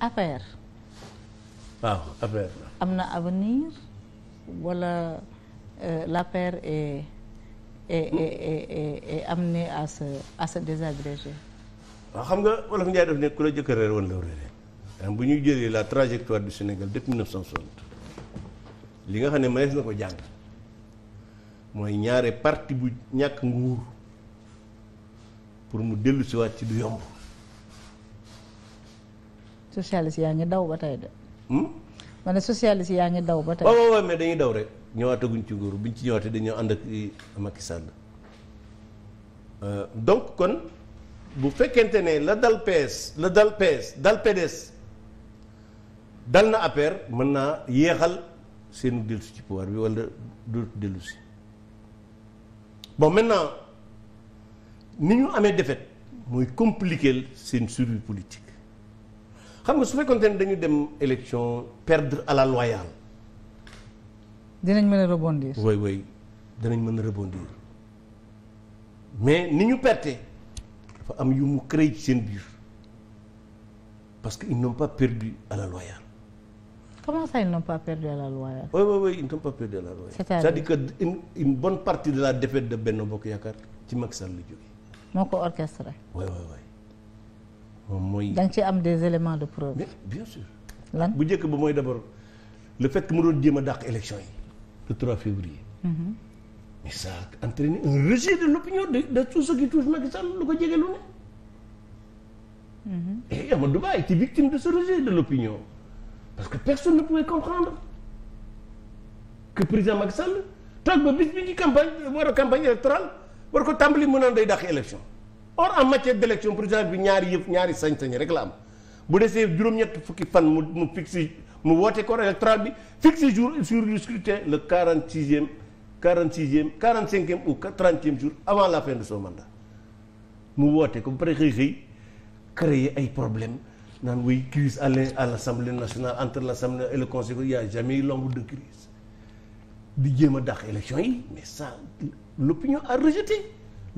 APR. waaw APR. am na avenir wala euh, l'APR est est est est amené à se à waaw xam nga wolof Ndiaye daf ne ku la jëkk woon la réer maanaam bu ñuy jëlee la trajectoire du Sénégal depuis 1960 li nga xam ne mënees na ko jàng mooy ñaare partie bu ñàkk nguur pour mu dellu siwaat ci du yomb. socialiste yaa ngi daw ba tey de. Hmm? ma ne yaa ngi daw ba tey. waaw waaw mais dañuy daw rek ñëwaataguñ ci nguur buñ ci ñëwaatee dañoo ànd ak Macky Sall. Euh, donc kon bu fekkente ne la dal PS la dal PS dal PDS dal na APR mën naa yéexal seenu dellusi ci pouvoir bi wala dootu dellusi bon maintenant ni ñu amee defet mooy compliquer seen survie politique. xam nga su fekkoon ne dañu dem élection perdre à la loyale. dinañ mën a rebondir. oui woy danañ mën a rebondir mais ni ñu perte dafa am yu mu créé ci seen biir parce que ils n'ont pas perdu à la loyale. comment ça ils n'ont pas perdu à la loyale. oui oui oui ils pas perdu à la loyale. c'est-à-dire partie de la défaite de Benno Bokk Yaakaar ci Macky la jógee. moo ko orchestré. moom mooy. ci am des éléments de preuve. mais bien sûr. lan bu njëkk ba mooy d' abord le fait que mu doon jéem a dàq élection yi le 3 février. Mhm. mais ça a entraîné un rejet de l' opinion de de tout ce qui touche Macky Sall lu ko jege lu ne. Mhm. et Amadou Ba était victime de ce rejet de l'opinion parce que personne ne pouvait comprendre que président Macky Sall toog ba bis bi campagne war a campagne électorale war ko tàmbali mu naan day dàq élection. or en matière d' élection président bi ñaari yëf ñaari sañ-sañ rek la am bu desee juróom-ñett fukki fan mu mu fixé mu woote corps électoral bi fixé jour sur le scrutin le quarante sixième quarante sixième quarante cinquième ou trentième jour avant la fin de son mandat mu woote ko ba pare xëy xëy créer ay problème naan way crise à l' à l' assemblée nationale entre l' assemblée et le conseil il y a jamais l'ombre de crise di jéem a dàq élection yi mais a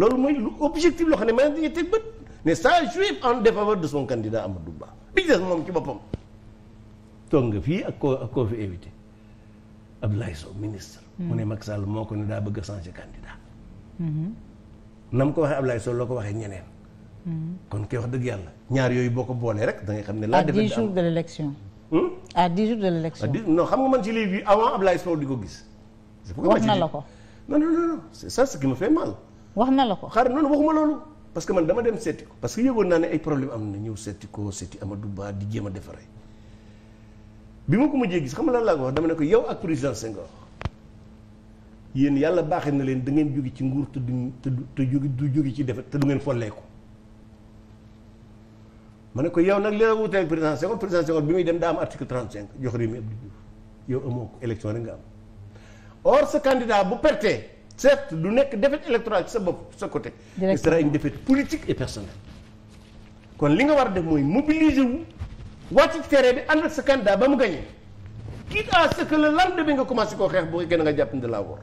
loolu mooy lu objectif loo xam ne mën nañu teg bët ne ça joue en défaveur de son candidat Amadou Ba bi ci des moom ci boppam toog nga fii ak koo ak koo fi éviter Abdoulaye Sow ministre. mu ne Macky Sall moo ko ne daa bëgg a changer candidat. Mhm. na mu ko waxee Abdoulaye Sow loo ko waxee ñeneen. Mhm. kon kay wax dëgg yàlla ñaar yooyu boo ko boolee rek da ngay xam ne. laa defee hmm? à dix jours de l'élection. à dix jours de l'élection. non xam nga man ci lii avant Abdoulaye Sow di ko gis. wax na la ko non non non c'est ça wax na la ko xaaral noonu waxuma loolu parce que man dama dem seeti ko parce que yëgoon naa ne ay problème am na ñëw seeti ko seeti Amadou Ba di jéem a defaree bi ma ko mujjee gis xam nga laa ko wax dama ne ko yow ak président Senghor yéen yàlla baaxee na leen da ngeen jóge ci nguur te du te du jóge ci defet te du ngeen folleeku ma ne ko yow nag li la wutee ak président Senghor président Senghor bi muy dem daa am article 35 jox réew yow amoo ko nga am or sa bu pertee seet du nekk défaite électorale ci sa bopp sa côté. ce sera politique et personnelle. kon li nga war a def mooy mobiliser wu wàcc ci terrain bi ànd ak sa candidat ba mu gagné quitte à ce que le lendemain nga commencé koo xeex boo gën a nga jàpp ne laa wor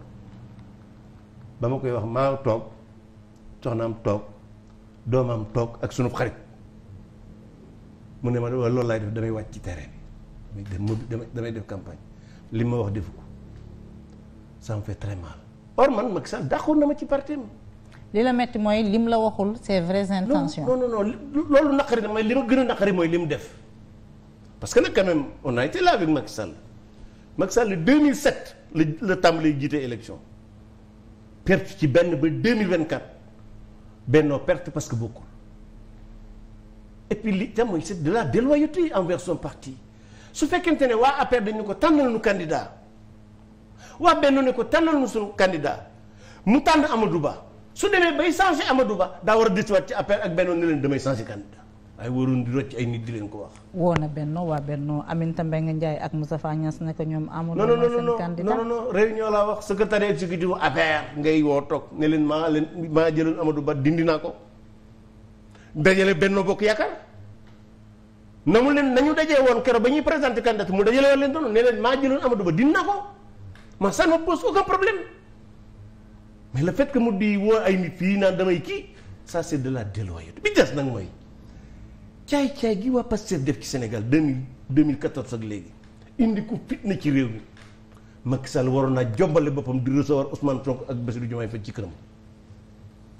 ba ma koy wax maa toog soxnaam toog doomam toog ak sunu xarit mu ne ma loolu laay def damay wàcc ci tere bi damay def damay def campagne li ma wax defu ko ça fait très mal. or man Macky Sall dàqoon na ma ci parti mi li la métti mooy lim la waxul ses vraies intentions. non non non loolu naqari na li ma gën a naqari mooy li mu def parce que nag quand même on a été là avec Macky Sall Macky Sall le 2007 la la tàmbalee jiite élection perte ci benn ba quatre bennoo perte parce que bokkul et puis li tam mooy c'est de la déloyauté envers son parti su fekkente ne waa APR dañu ko tànnal nu candidat. waa benn ne ko tànnal mu suñu mu tànn amadu Ba su demee bay changé amadu Ba daa war a dituwaat ci affaire ak benn ne leen damay changé candidat waaye waroon di rocc ay nit di leen ko wax. woo na Benno waa Benno Aminata Mbengue Ndiaye ak Moustapha Niass ne ko ñoom. Amadou Ba seen candidat non non non wax secrétaire exécutif APR ngay woo toog ne leen maa leen maa jëloon amadu Ba dindi naa ko dajale Benno Bokk Yaakaar. na mu leen nañu dajee woon keroog ba ñuy présenté candidat mu dajale woon leen doon ne leen maa Ba dindi naa ma ça ne me pose aucun problème mais le fait que mu di woo ay nit fii naan damay kii ça sedd de la déloyauté bi des nag mooy caay-caay gi waa Pastef def ci Sénégal 2000 2014 ak léegi indi ko fitna ci réew mi Macky Sall waroon naa jombale boppam di recevoir Ousmane Sonko ak Bassirou Diomaye Faye ci këram.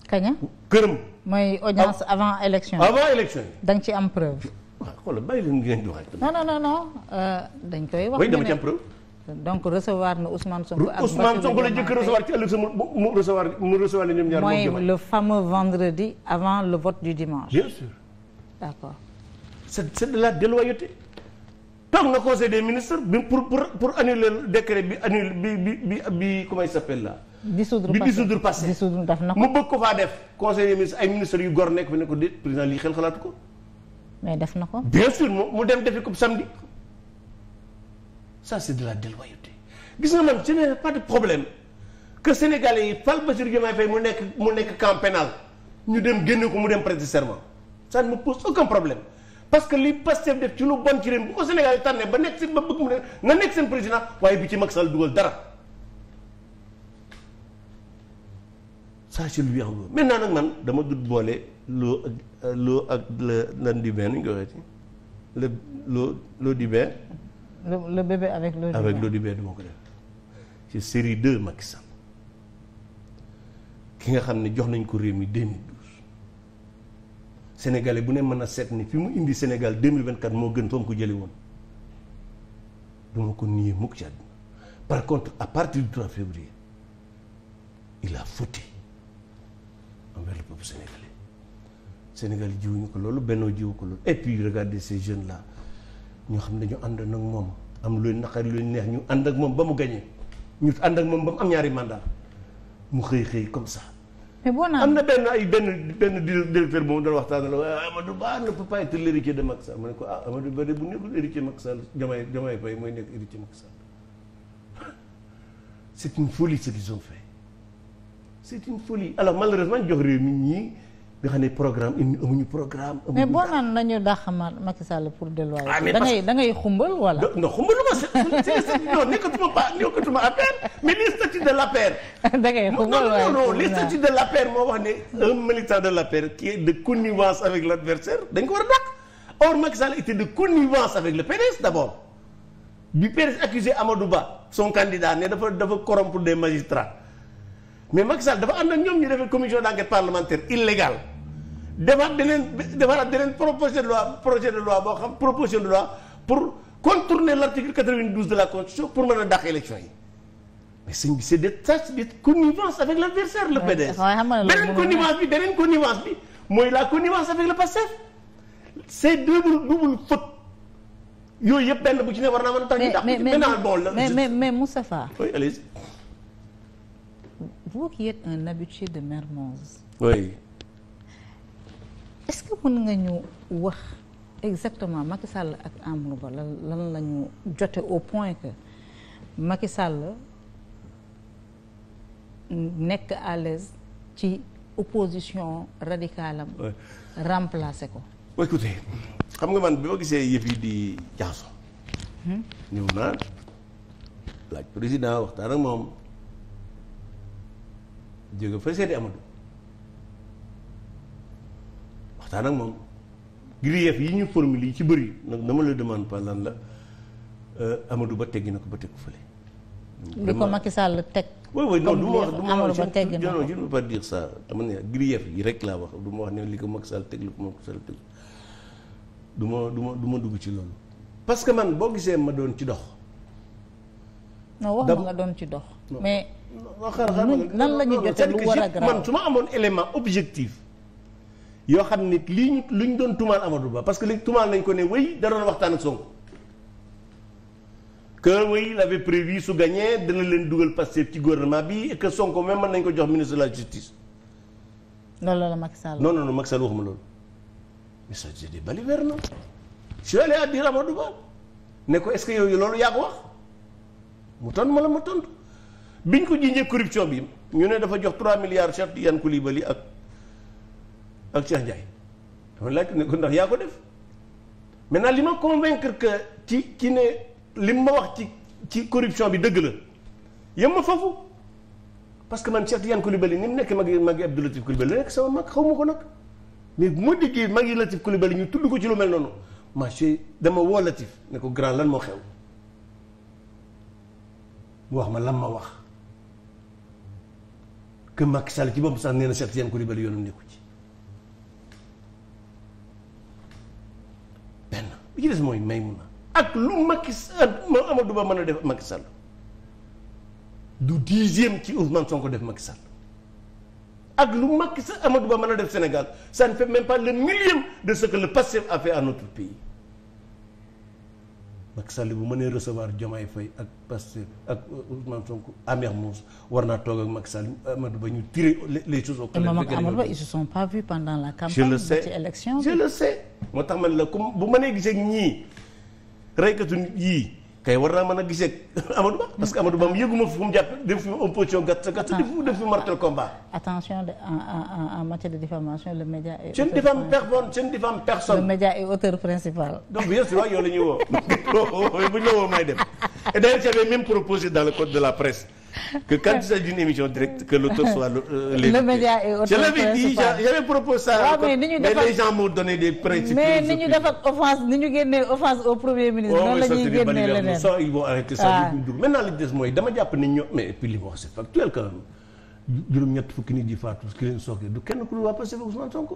kaña këram. mooy audience avant élection avant élection da ci am preuve. waaw xoolal bàyyi leen ngeen di wax. non non non non euh, dañ koy wax. dama ci donc recevoir na Ousmane Sonko ak Ousmane Sonko la jëkk recevoir ci ëllëg sa mu recevoir mu recevoir la ñoom mooy le fameux vendredi avant le vote du dimanche. bien sûr. d'accord. c'est c'est de la na conseil des ministres bi pour pour pour annuler décret bi annuler bi bi bi bi comment il s'appelle là. dissoudre passé bi dissoudre passé. dissoudre na ko mu bëgg ko faa def. conseil des ministres ay ministres yu gor nekk fi ne ko déet président lii xel xalaatu ko. mais def na ko. bien sûr mu dem defi ko samedi. ça de la déloyauté gis nga man ce pas de problème que sénégalais yi fal Bassirou Diomaye Faye mu nekk mu nekk camp pénal ñu dem génne ko mu dem prêter serment ça ne me pose aucun problème parce que li Pastef def ci lu bon ci réew bu ko Sénégal tànnee ba nekk seen ba bëgg mu ne nga nekk seen président waaye bi ci Macky Sall dugal dara ça c'est lui maintenant nag man dama dut boole loo ak loo ak la lan di benn ñu koy waxee ci la loo loo di le, le bébé avec l'eau du bain avec l'eau du bain ko def ci série 2 Macky Sall ki nga xam ne jox nañ ko réew mi 2012 Sénégalais bu ne mën a seet ni fi mu indi Sénégal 2024 moo gën fa mu ko jëlee woon du ma ko nié mukk ci àdduna par contre à partir du 3 février il a fauté envers le peuple sénégalais Sénégal jiwuñu ko loolu bennoo jiwu ko loolu et puis regardez ces jeunes la ñoo xam ne dañu àndoon ak moom am luy naqar luy neex ñu ànd ak moom ba mu gañee ñu ànd ak moom ba mu am ñaari mandat mu xëy xëy comme ça. boo naan am na benn ay benn benn directeur bu mu doon waxtaan la waaye Amadou Ba ne peut pas être l'héritier de Macky Sall ma ne ko ah Amadou Ba de bu nekkul héritier Macky Sall Diomaye Diomaye Faye mooy nekk héritier Macky Sall c'est une folie ce fait c'est une folie malheureusement jox réew mi ñii. nga xam ne programme amuñu programme. mais boo naan nañu dàq Macky Sall pour delluwaay. ah mais da ngay da ngay xumbal wala. non xumbaluma si non nekkatuma ba nekkatuma affaire mais les statuts de l'APR. da ngay xumbal waaye non les statuts de l'APR moo wax ne un militant de l'APR qui est de a dàq. or Macky Sall était de connivence Ba son candidat ne dafa dafa corrompre des magistrats mais Macky Sall dafa ànd ak ñoom ñu defee commission d'enquête parlementaire illégale. defaat beneen defaraat beneen proposition de loi projet de loi boo xam proposition de loi pour contourner l' de la constitution pour mën a dàq élection yi mais sëñ bi c' est de connivence avec l' la le PDS beneen connivence bi beneen connivence bi mooy la connivence avec le PASTEF c' est double double yooyu yëpp benn bu ci ne war naa a tax ñu dàq maintenant bon la mais mais mais Moustapha oui allez vous qui un habitué de Mermoz est-ce que mën nga ñu wax exactement Macky Sall ak Amadou Ba lan lañu jote au point que Macky Sall nekk à l'aise ci opposition radicale am. ko. waaw xam nga man bi ma gisee yëf yi di jaxaso. ñëw hmm? naa laaj président waxtaan ak moom jóge fa seeti Amadou. waxtaan ak moom grief yi ñu formule yi ci bëri nag dama la demande pas lan la euh, amadu Ba teggi na ko ba teg ko fële. teg. du ma wax du ma wax je ne veux pas dire ça dama ne rek laa wax du ma wax ne li ko Macky Sall teg li ko Macky Sall du ma du ma du ma dugg ci loolu. parce que man boo gisee ma doon ci dox. non wax nga doon ci dox. mais. lan la ñu jotee lu war a grave man su ma amoon élément objectif. yoo xam ni lii ñu lu ñu doon tumaal Amadou parce que léegi tumaal nañ ko ne wéy da doon waxtaan ak Sonko que wéy il avait prévu su gagné dana leen dugal Pastef ci gouvernement bi et que Sonko mën nañ ko jox ministre de la justice. loolu la Macky Sall. non non non Macky Sall waxuma loolu mais ça c'est des balivernes non je suis allé ne ko est-ce que yooyu loolu yaa ko wax mu tontu ma la ma tontu biñ ko jiiñee corruption bi ñu ne dafa jox 3 milliards charte Yann Coulibaly ak. ak Cheikh Ndiaye dama laaj ne ko ndax yaa ko def maintenant ci ci ne li ma wax ci ci corruption bi dëgg la yem ma foofu que man Cheikh Tidiane Coulibaly ni nekk mag magi Abdou Latif la nekk sama mag xaw ma ko nag mais bu ma déggee magi Latif Coulibaly ci lu mel noonu ma dama woo Latif ne ko grand lan moo xew mu wax ma lan ma wax que Macky Sall ci boppam sax nee na Cheikh Tidiane Coulibaly yoonu nekku ci bi ci des mooy Maymuna ak lu Macky Sall Amadou Ba mën a def Macky Sall du dixième ci Ousmane Sonko def Macky Sall ak lu makki Sall Amadou Ba mën a def Sénégal ça ne fait même pas le millième de ce que le Pastef a fait à notre pays Macky Sall bu mënee recevoir Diomaye Faye ak Pastef ak Ousmane Sonko à Mermoz war naa toog ak Macky Sall Amadou Ba ñu tirer les choses au clair. ak Amadou Ba ils se sont pas je le sais je le sais. moo tax man la comme bu mënee gisee ak ñii reykatu yii. kay war naa mën a gisee Amadou Ba parce que Amadou Ba mu yëguma fu mu jàpp def fi opposition gàtt gàtt def fi def fi martel combat. attention de en matière de diffamation le média est. auteur principal. donc bien sûr yow la ñuy woo. bu ñu woo may dem et d'ailleurs j'avais même proposé dans le code de la presse. que quand il s'agit émission directe que l'auteur soit le, euh, le média est auteur je l'avais dit mais, ni ñu defak offense ni ñu génnee offense au premier ministre oh, noonu la ñuy leneen ça ils vont arrêter ça duñ juróom-ñett fukki nit di faatu ki leen sooke du kenn ku dul waa Pastef Ousmane Sonko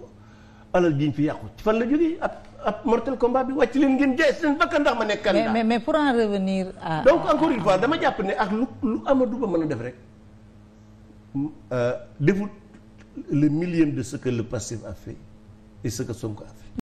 alal jiñ fi yàqu fan la jógee ab ab mortel combat bi wàcc leen ngeen jaay seen bakkan ndax ma nekk candidat mais mais pour en revenir donc encore une fois dama jàpp ne ak lu lu Amadou Ba mën a def rek euh, defut le millième de ce que le passif a fait et ce que Sonko a